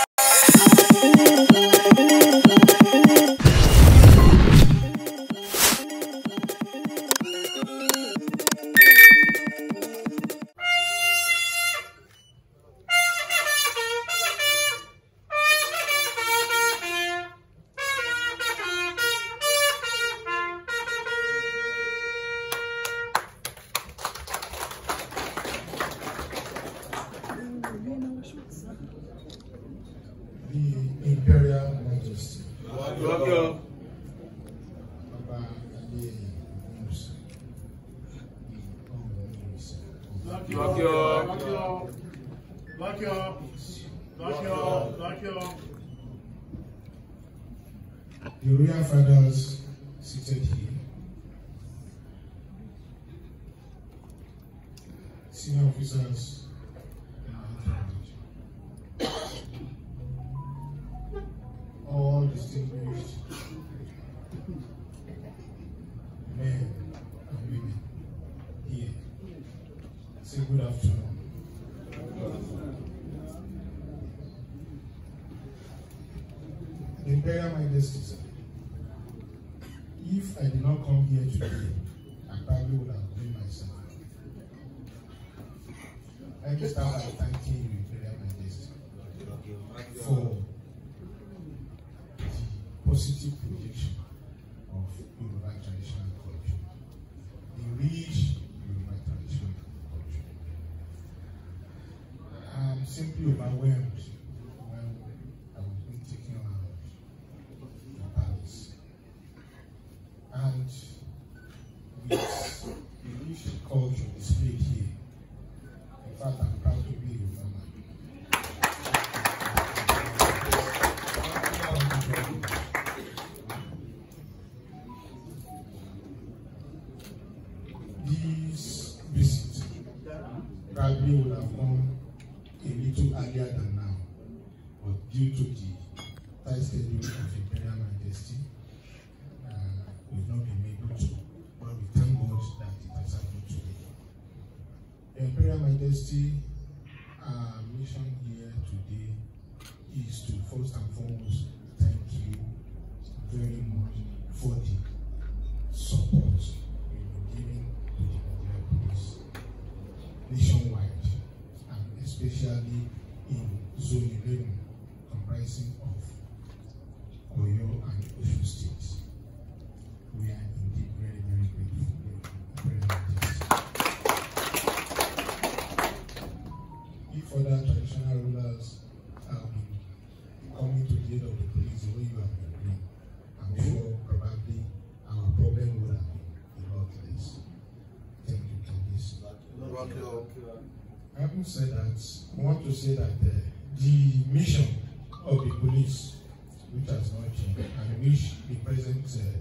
Música you you you you you The real fathers seated here. Senior officers Good afternoon. The prayer my destiny. If I did not come here today, I probably would have blamed myself. I just start by thanking you. probably would have come a little earlier than now, but due to the tight schedule of Imperial Majesty, uh, we've not been able to. But we thank God that it has happened today. Imperial Majesty, our mission here today is to first and foremost thank you very much for the comprising of Oyo and Osun states. We are indeed very, very grateful. If other traditional rulers have um, been coming to the aid of the police the way you have been doing, I'm sure probably our problem would have been a lot less. Thank you, Candice. Having said that, I want to say that uh, the mission of the police, which has not changed, and which the present uh,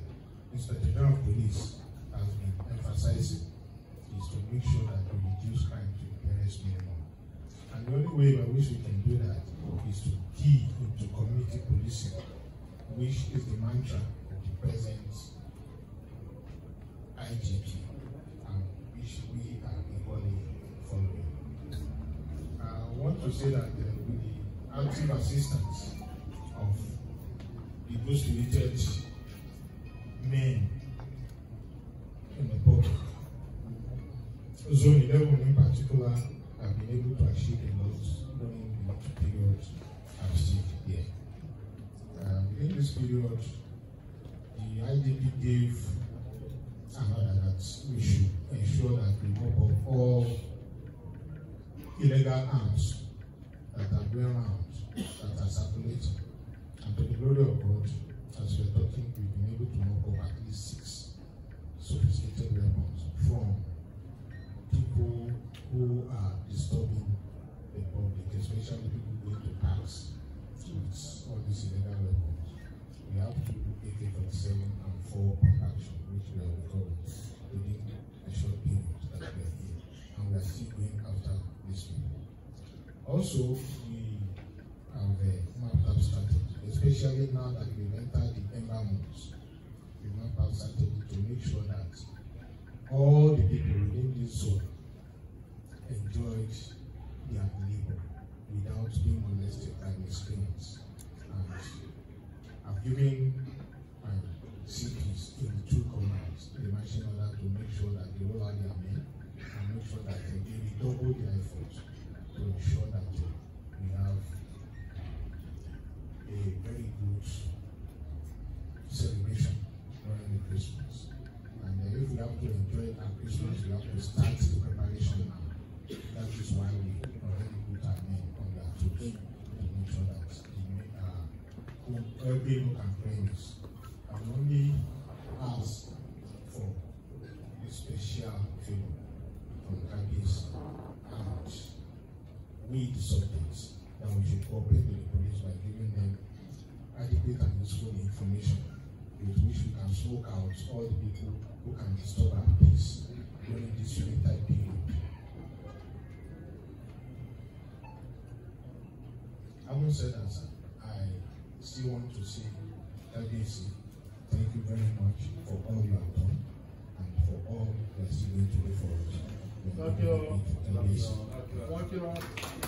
Inspector General of Police has been emphasizing, is to make sure that we reduce crime to the barest minimum. And the only way by which we can do that is to key into community policing, which is the mantra of the present IGP, and which we are equally following. I want to say that uh, active assistance of the most prostituted men in the public. Zone 11 in particular, I've been able to achieve a lot during the period I've seen. here. Um, in this period, the IDP gave another that we should ensure that we mop up all illegal arms We have to intake on seven and four actions which we are recovering within a short period that we are here. And we are still going after this people. Also, we have a uh, mapped up strategy, especially now that we enter the ember months. We map up strategy to make sure that all the people within this zone giving uh, um, CPs to the two commands, the national order to make sure that they all are their men and make sure that they, they redouble their efforts to ensure that we have um, a very good celebration during Christmas. And uh, if we have to enjoy our Christmas, we have to start the preparation now. That is why we already put our men on that toes people helping bring us? I'm only asked for a special favor from Kabi's and we the subjects that we should cooperate with the police by giving them adequate and useful information with which we can smoke out all the people who can disturb our peace during this winter period. I won't say that, sir still want to say, LDC, thank you very much for all you have done and for all that's still going to be for us. Thank you. Thank you. Thank you.